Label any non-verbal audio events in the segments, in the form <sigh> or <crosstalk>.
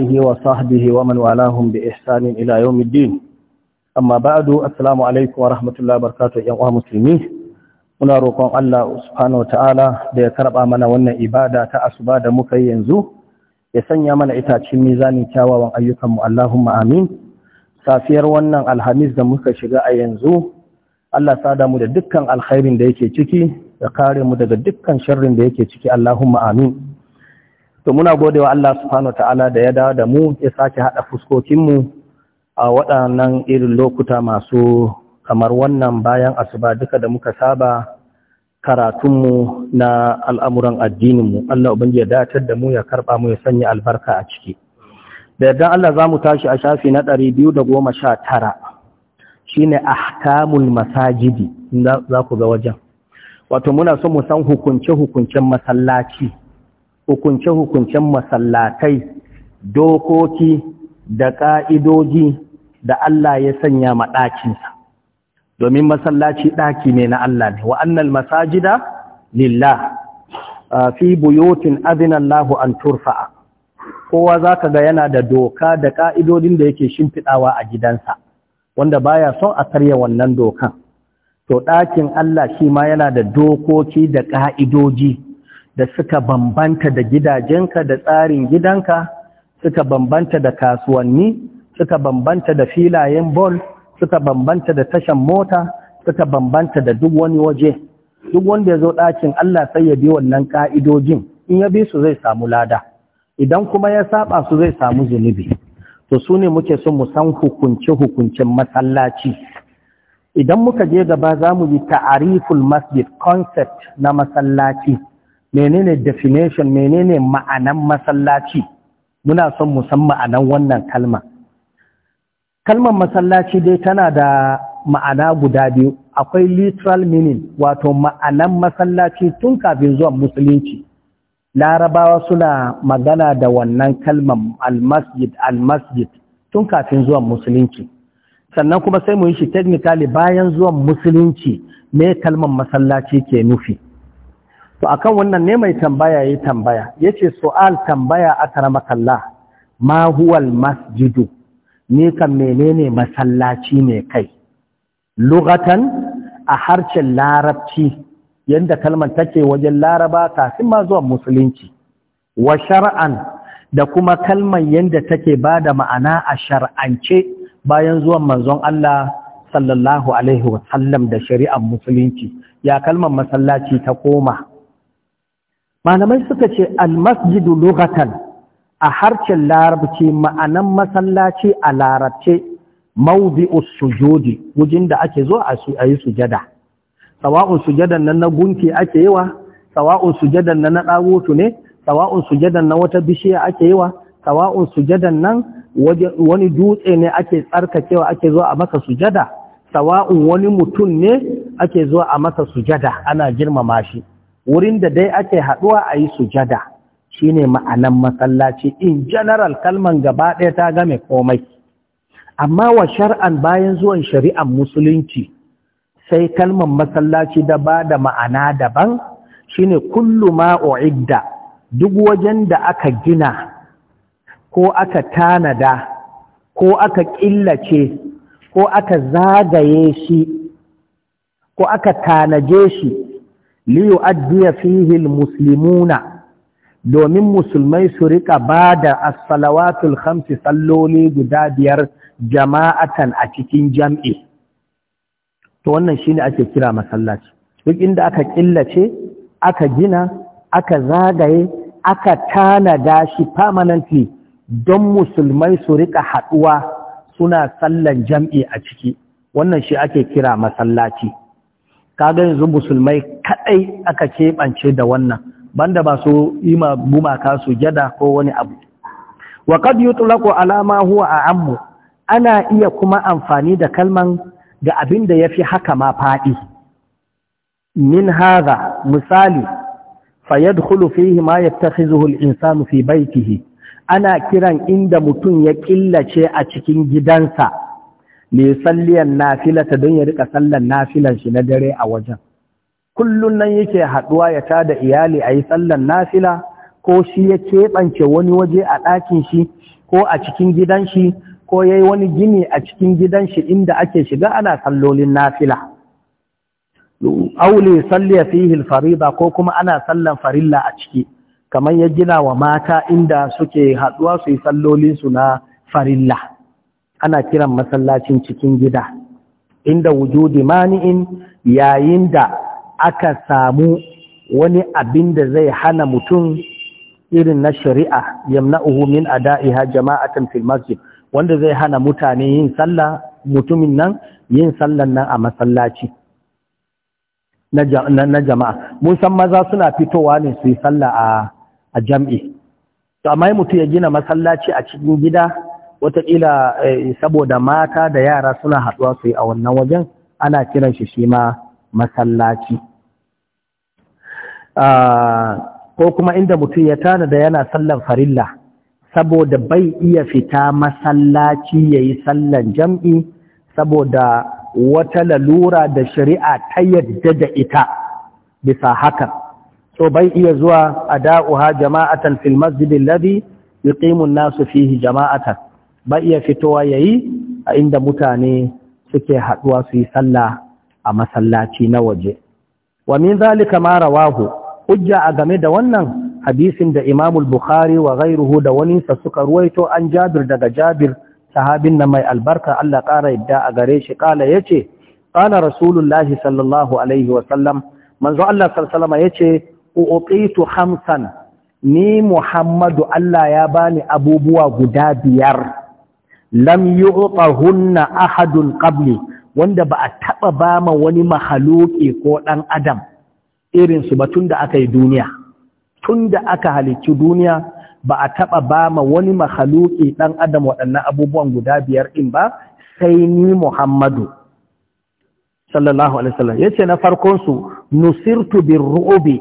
alihi wa sahbihi wa man walahum bi ihsanin ila yawmiddin amma ba'du assalamu alaikum wa rahmatullahi wa yan uwa musulmi muna roƙon Allah subhanahu ta'ala da ya karɓa mana wannan ibada ta asuba da muka yi yanzu ya sanya mana itacin mizanin kyawawan ayyukan mu Allahumma amin safiyar wannan alhamis da muka shiga a yanzu Allah sada mu da dukkan alkhairin da yake ciki ya kare mu daga dukkan sharrin da yake ciki Allahumma amin to muna wa Allah subhanahu ta'ala da ya dawo da mu ya sake haɗa mu a waɗannan irin lokuta masu kamar wannan bayan asuba duka da muka saba karatunmu na al'amuran addininmu Allah ubangi ya datar da mu ya karɓa mu ya sanya albarka a ciki da yadda Allah za mu tashi a shafi na ɗari biyu da goma sha tara shine ahkamul masajidi za ku ga wajen wato muna so mu san hukunce-hukuncen masallaci hukunce-hukuncen masallatai dokoki da ƙa'idoji da Allah ya sanya maɗakinsa domin masallaci ɗaki ne na Allah ne wa'annan masajida lillah fi buyotin azinallahu an turfa'a kowa za ka ga yana da doka da ƙa'idodin da yake shimfiɗawa a gidansa wanda baya son a karya wannan dokan to ɗakin Allah shi ma yana da dokoki da ƙa'idoji da suka bambanta da gidajenka da tsarin gidanka suka bambanta da kasuwanni suka bambanta da filayen bol suka bambanta da tashan mota suka bambanta da duk wani waje duk wanda ya zo ɗakin Allah sai ya bi wannan ƙa'idojin in ya bi su zai samu lada idan kuma ya saba su zai samu zunubi to su ne muke son mu san hukunce-hukuncen masallaci idan muka je gaba za mu yi ta'ariful masjid concept na masallaci menene definition menene ma'anan masallaci muna son musamman ma'anan wannan kalma kalmar masallaci dai tana da ma'ana guda biyu akwai literal meaning wato ma'anan masallaci tun kafin zuwan musulunci larabawa suna magana da wannan kalmar almasjid almasjid tun kafin zuwan musulunci sannan kuma sai mu yi shi technically bayan zuwan musulunci me kalmar masallaci ke nufi to akan wannan ne mai tambaya yayi tambaya yace su'al tambaya akramakallah ma huwal masjidu ne kan menene masallaci mai kai lugatan a harshen larabci yadda kalmar take wajen laraba kafin ma zuwa musulunci wa shar'an da kuma kalmar yadda take ba da ma'ana a shar'ance bayan zuwan manzon Allah sallallahu alaihi wasallam da shari'ar musulunci ya kalmar masallaci ta koma malamai suka ce almasjidu lughatan a harshen larabci ma'anan masallaci a larabce mawdi'us sujudi wujin da ake zo a yi sujada sawa'un sujadan nan na gunki ake yi wa sawa'un sujadan nan na ɗagutu ne sawa'un sujadan na wata bishiya ake yi wa sawa'un sujadan nan wani dutse ne ake tsarkakewa ake zo a masa sujada sawa'un wani mutum ne ake zo a masa sujada ana girmama shi wurin da dai ake haɗuwa a yi sujada shine ma'anan masallaci in general kalman gaba ɗaya ta game komai amma wa shar'an bayan zuwan shari'an musulunci sai kalman masallaci da ba da ma'ana daban shine kullu o'idda. duk wajen da aka gina ko aka tanada ko aka killace ko aka zagaye shi ko aka tanaje shi liyu'addiya fihi musulmuna domin musulmai su rika bada as-salawatul khamsi salloli guda biyar jama'atan a cikin jam'i to wannan shine ake kira masallaci duk inda aka killace aka gina aka zagaye aka tanada shi permanently don musulmai su rika haduwa suna sallan jam'i a ciki wannan shi ake kira masallaci kaga yanzu musulmai kadai aka keɓance da wannan banda ba su yi gumaka su jada ko wani abu wa qad yutlaqu ala ma huwa a'ammu ana iya kuma amfani da kalman ga abin da yafi haka ma fadi min hadha misali yadkhulu fihi ma yattakhizuhu al-insanu fi baytihi ana kiran inda mutum ya killace a cikin gidansa mai salliyan nafilata don ya rika sallan nafilan shi na dare a wajen Kullum nan yake haɗuwa ya tada iyali a yi sallan nafila ko shi ya keɓance wani waje a ɗakin shi ko a cikin gidan shi ko ya yi wani gini a cikin gidan shi inda ake shiga ana sallolin nafila aule salliya fihi ba ko kuma ana sallar farilla a ciki kamar ya gina wa mata inda suke haɗuwa su yi sallolin na farilla ana kiran masallacin cikin gida inda wujudi mani'in yayin da aka samu wani abin da zai hana mutum irin na shari'a yamna'uhu min ada'iha jama'atan fil masjid wanda zai hana mutane yin sallah mutumin nan yin sallan nan a masallaci na jama'a mun san maza suna fitowa ne su yi sallah a jam'i to amma mutum ya gina masallaci a cikin gida wataƙila eh, saboda mata da yara suna haɗuwa su yi a wannan wajen ana kiran shi shi ma masallaci ah, ko kuma inda mutum ya tana da yana sallan farilla saboda bai iya fita masallaci ya yi sallan jam'i saboda wata lalura da shari'a ta yadda da ita bisa haka so bai iya zuwa a da'uha jama'atan fil masjidin ladi yuqimun nasu fihi jama'atan ba iya fitowa ya yi a inda mutane suke haɗuwa su yi sallah a masallaci na waje wa min zalika ma rawahu hujja a game da wannan hadisin da Imam bukhari wa ghayruhu da waninsa suka ruwaito an Jabir daga Jabir sahabin nan mai albarka Allah ƙara yadda a gare shi kala yace qala rasulullahi sallallahu alaihi wa sallam manzo Allah sallallahu yace uqitu khamsan ni Muhammadu Allah ya bani abubuwa guda biyar lam hunna ahadun qabli wanda ba a taɓa ba ma wani mahaluki ko ɗan adam irinsu ba tun da aka yi duniya tunda aka halicci duniya ba a taɓa ba ma wani mahaluki ɗan adam waɗannan abubuwan guda biyar ɗin ba sai ni Muhammadu sallallahu alaihi Ya yace na farkon su nusirtu birrubi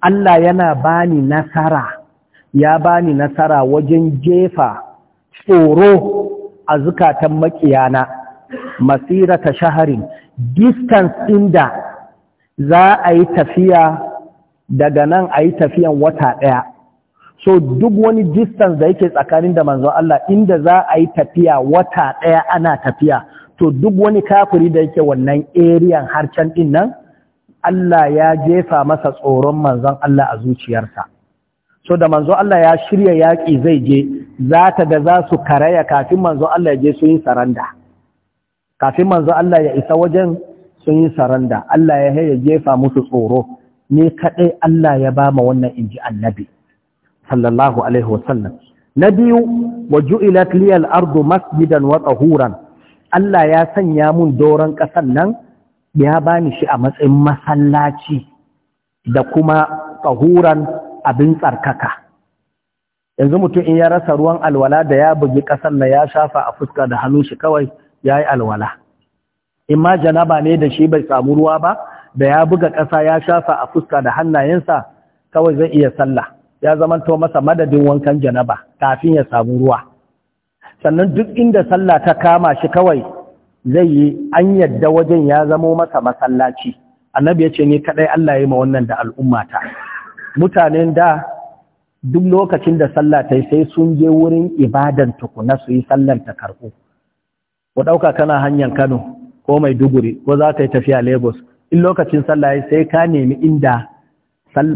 Allah yana bani nasara ya bani nasara wajen jefa tsoro a zukatan makiyana masirata shaharin distance inda za a yi tafiya daga nan a yi tafiyan wata ɗaya so duk wani distance da yake tsakanin da manzon Allah inda za a yi tafiya wata ɗaya ana tafiya to duk wani kafiri da yake wannan eriyan harcen ɗin nan Allah ya jefa masa tsoron manzon Allah a zuciyarsa so da manzo Allah ya shirya yaƙi zai je za ta da za su karaya kafin manzo Allah ya je sun yi saranda kafin manzo Allah ya isa wajen sun yi saranda Allah ya haya jefa musu tsoro ne kaɗai Allah ya ba ma wannan inji annabi sallallahu alaihi wasallam na biyu wa ju'ilat ardu masjidan wa tahuran Allah ya sanya mun doron ƙasan nan ya bani shi a matsayin masallaci da kuma tahuran abin tsarkaka yanzu mutum in ya rasa ruwan alwala da ya bugi ƙasar na ya shafa a fuska da hannu shi kawai ya yi alwala in ma janaba ne da shi bai samu ruwa ba da ya buga ƙasa ya shafa a fuska da hannayensa kawai zai iya sallah ya zama to masa madadin wankan janaba kafin ya samu ruwa sannan duk inda sallah ta kama shi kawai zai yi an yadda wajen ya zamo masa masallaci annabi ya ce ni kadai Allah ya yi ma wannan da al'ummata mutanen da duk lokacin da sallah ta yi sai sun je wurin ibadan tukuna su yi sallar ta karɓo ku ɗauka kana hanyar kano ko mai duguri ko za ka yi tafiya lagos in lokacin sallah ya sai ka nemi inda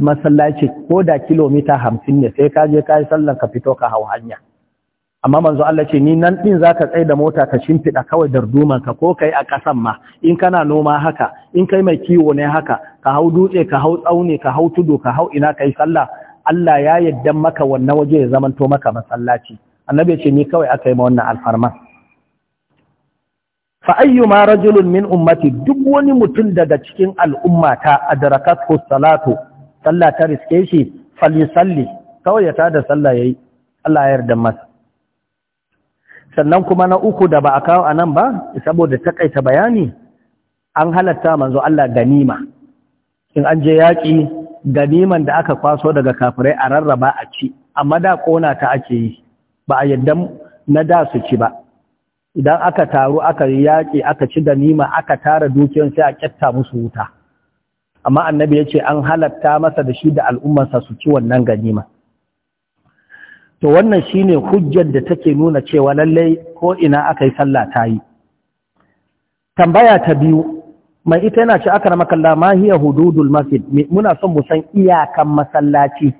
masallaci ko da kilomita hamsin ne sai ka je ka yi sallar ka fito ka hau hanya amma manzo Allah ce ni nan din ka tsai da mota ka shimfiɗa kawai darduman ka ko kai a ƙasan ma in kana noma haka in kai mai kiwo ne haka ka hau dutse ka hau tsauni ka hau tudu ka hau ina kai sallah Allah ya yadda maka wannan waje ya zamanto maka masallaci annabi ya ce ni kawai aka yi ma wannan alfarma fa ayyuma rajulun min ummati duk wani mutum daga cikin al'ummata ko salatu sallah ta riske shi falisalli kawai ya tada sallah yayi Allah ya yarda masa sannan kuma na uku da ba a kawo anan ba saboda takaita bayani an halatta manzo Allah ganima in an je yaƙi ganiman da aka kwaso daga kafirai a rarraba a ci amma da ƙona ta ake yi ba a yadda na da su ci ba idan aka taru aka yi yaƙi aka ci ganima aka tara dukiyar sai a ƙyatta musu wuta amma annabi ya ce an halatta masa da shi da al'ummarsa su ci wannan ganima to wannan shine hujjar da take nuna cewa lallai ko ina aka yi sallah ta yi tambaya ta biyu mai ita yana ce aka ramakalla ma hiya hududul masjid muna son mu san iyakan masallaci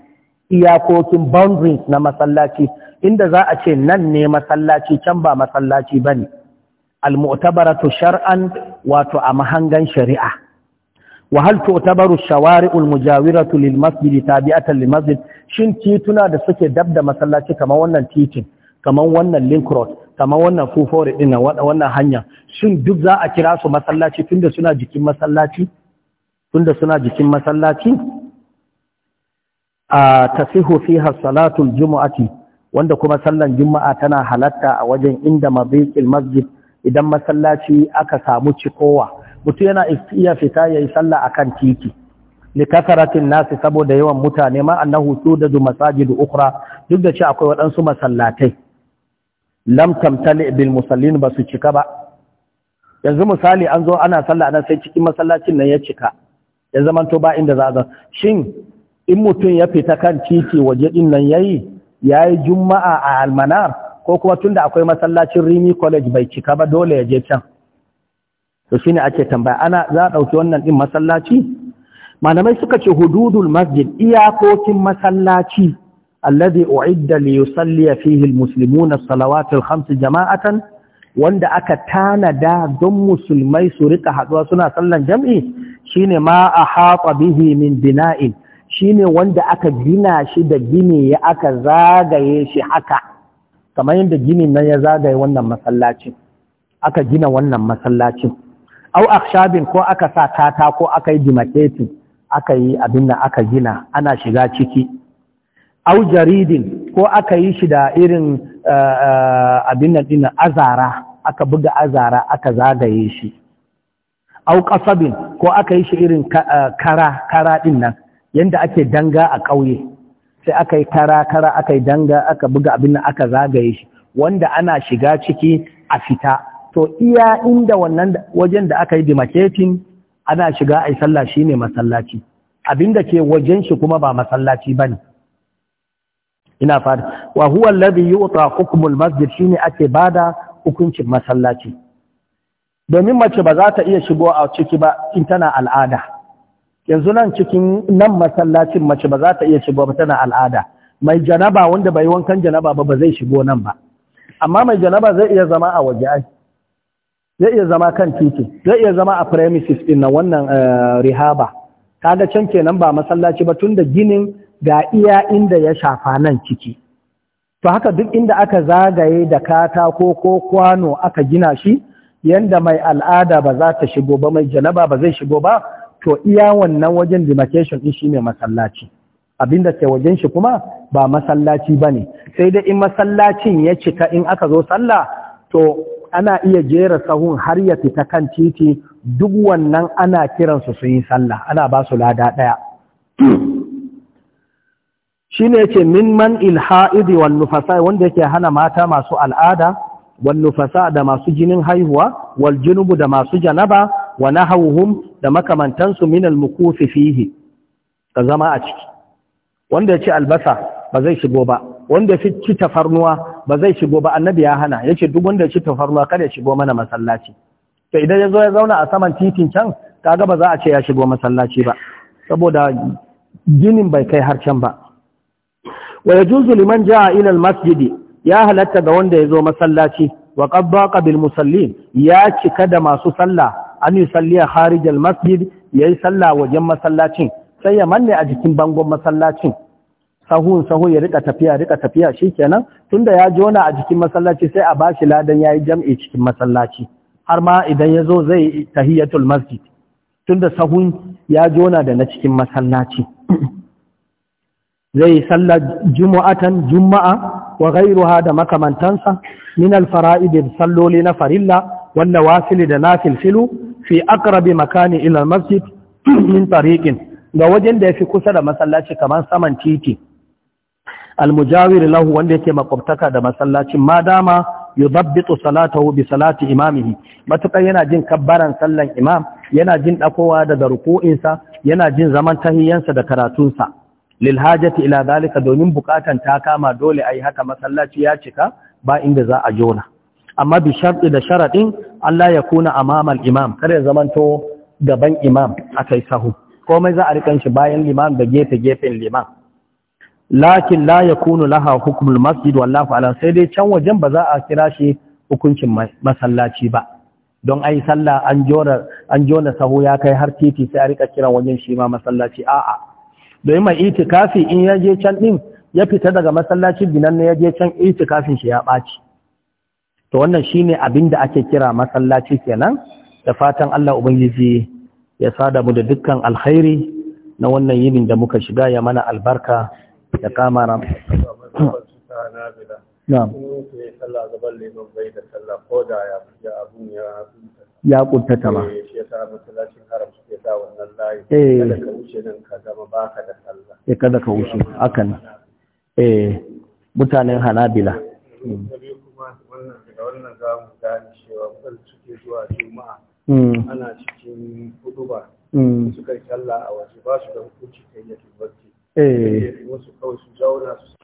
iyakokin boundaries na masallaci inda za a ce nan ne masallaci can ba masallaci bane al-mu'tabaratu shar'an wato a mahangan shari'a wa hal tu'tabaru shawari'ul mujawiratu lil masjid tabi'atan lil masjid shin tituna da suke dab da masallaci kamar wannan titin kamar wannan link road kamar wannan fufore din wannan hanya shin duk za a kira su masallaci tunda suna jikin masallaci tunda suna jikin masallaci a tasihu fiha salatul jumu'ati wanda kuma sallan juma'a tana halatta a wajen inda mabiqil masjid idan masallaci aka samu cikowa mutum yana iya fita yi sallah akan titi likasaratin nasi saboda yawan mutane ma annahu tudadu masajidu ukhra duk da cewa akwai waɗansu masallatai lam tamtali bil musallin basu cika ba yanzu misali an zo ana sallah nan sai cikin masallacin nan ya cika ya zamanto ba inda za a shin in mutum ya fita kan titi waje din nan yayi yayi juma'a a almanar ko kuma tunda akwai masallacin Rimi College bai cika ba dole ya je can to shine ake tambaya ana za a dauki wannan din masallaci malamai suka ce hududul masjid iyakokin masallaci alladhi u'idda li yusalli fihi almuslimuna as khams jama'atan wanda aka tanada don musulmai su rika haɗuwa suna sallan jam'i shine ma a haɓa bihi min bina'in Shi ne wanda aka gina shi da gini ya aka zagaye shi haka kamar yadda ginin nan ya zagaye wannan masallacin aka gina wannan masallacin au akshabin ko aka sa tata ko aka yi dimaketi aka yi abin da aka gina ana shiga ciki au jaridin ko aka yi shi da irin eh, eh, abin nan ɗin azara aka buga azara aka zagaye shi au kasabin ko aka yi shi irin eh, kara kara ɗin nan yadda ake danga a ƙauye sai aka yi kara kara aka yi danga aka buga abin nan aka zagaye shi wanda ana shiga ciki a fita to iya inda wannan wajen da aka yi demarcating ana shiga a yi sallah shine masallaci abinda ke wajen shi kuma ba masallaci bane ina fada wa huwa alladhi yu'ta hukmul masjid shine ake bada hukuncin masallaci domin mace ba za ta iya shigo a ciki ba in tana al'ada yanzu nan cikin nan masallacin mace ba za ta iya shigo ba tana al'ada mai janaba wanda bai wankan janaba ba ba zai shigo nan ba amma mai janaba zai iya zama a waje ai zai iya zama kan titi zai iya zama a premises din nan wannan eh, rihaba kaga can kenan ba masallaci ba tunda ginin ga iya inda ya shafa nan ciki to haka duk inda aka zagaye da katako ko kwano aka gina shi yanda mai al'ada ba za ta shigo ba mai janaba ba zai shigo ba to iya wannan wajen in shi ne masallaci abinda ke wajen shi kuma ba masallaci ba ne, sai dai in masallacin ya cika in aka zo sallah to ana iya jera sahun har ya fita kan titi duk wannan ana kiransu su yi sallah ana ba su lada ɗaya shi ne ce min man ilha'idi wal nufasa wanda yake hana mata masu al'ada wal da masu jinin haihuwa wal junubu da masu janaba wa nahawuhum da makamantansu min al mukufi fihi ka zama a ciki wanda ya ce albasa ba zai shigo ba wanda ya ci tafarnuwa ba zai shigo ba annabi ya hana ce duk wanda ya ci tafarnuwa kada ya shigo mana masallaci to idan ya zo ya zauna a saman titin can kaga ba za a ce ya shigo masallaci ba saboda ginin bai kai har can ba wa yajuzu liman jaa ila masjid ya halatta ga wanda yazo masallaci wa qad bil musallin ya cika da masu sallah an yusalliya kharij al-masjid yayi sallah wajen masallacin sai ya manne a jikin bangon masallacin sahun sahun ya rika tafiya rika tafiya shikenan tunda ya jona a jikin masallaci sai a bashi ladan yayi jam'i cikin masallaci har ma idan yazo zai tahiyatul masjid tunda sahun ya jona da na cikin masallaci zai yi sallar jumu'atan juma'a wa ghairuha da makamantansa Minal al salloli na farilla wanda wasili da na filfilu fi akrabi makani ila masjid <clears throat> min tariqin ga wajen da yafi kusa da masallaci kamar saman titi al-mujawir lahu wanda yake makwabtaka da masallacin madama yudabbitu salatahu bi salati imamihi matukan yana jin kabbaran sallar imam yana jin dakowa daga ruku'insa yana jin zaman tahiyansa da karatunsa lilhajati ila zalika domin bukatan ta kama dole ayi haka masallaci ya cika ba inda za a jona amma bi sharɗi da sharaɗin Allah ya kuna al imam kar ya zamanto gaban imam a kai sahu komai za a rikan shi bayan liman da gefe gefen liman lakin la yakunu laha hukmul masjid wallahu ala sai dai can wajen ba za a kira shi hukuncin masallaci ba don ai sallah an jona an jona sahu ya kai har titi sai a rika kiran wajen shi ma masallaci a'a domin mai itikafi in ya je can din ya fita daga masallaci binan ne ya je can itikafin shi ya ɓaci to wannan shine abin da ake kira masallaci kenan da fatan Allah ubangiji ya sada mu da dukkan alkhairi na wannan yinin da muka shiga ya mana albarka da kama ram ya kuntata eh, eh. ba. Eh, ya eh, kada ka wuce hakan eh mutanen hanabila wannan cewa suke zuwa juma'a hmm. ana cikin kuduba hmm. suka yi a waje ba su da hukunci ta yi tubarci wasu kawai su zauna su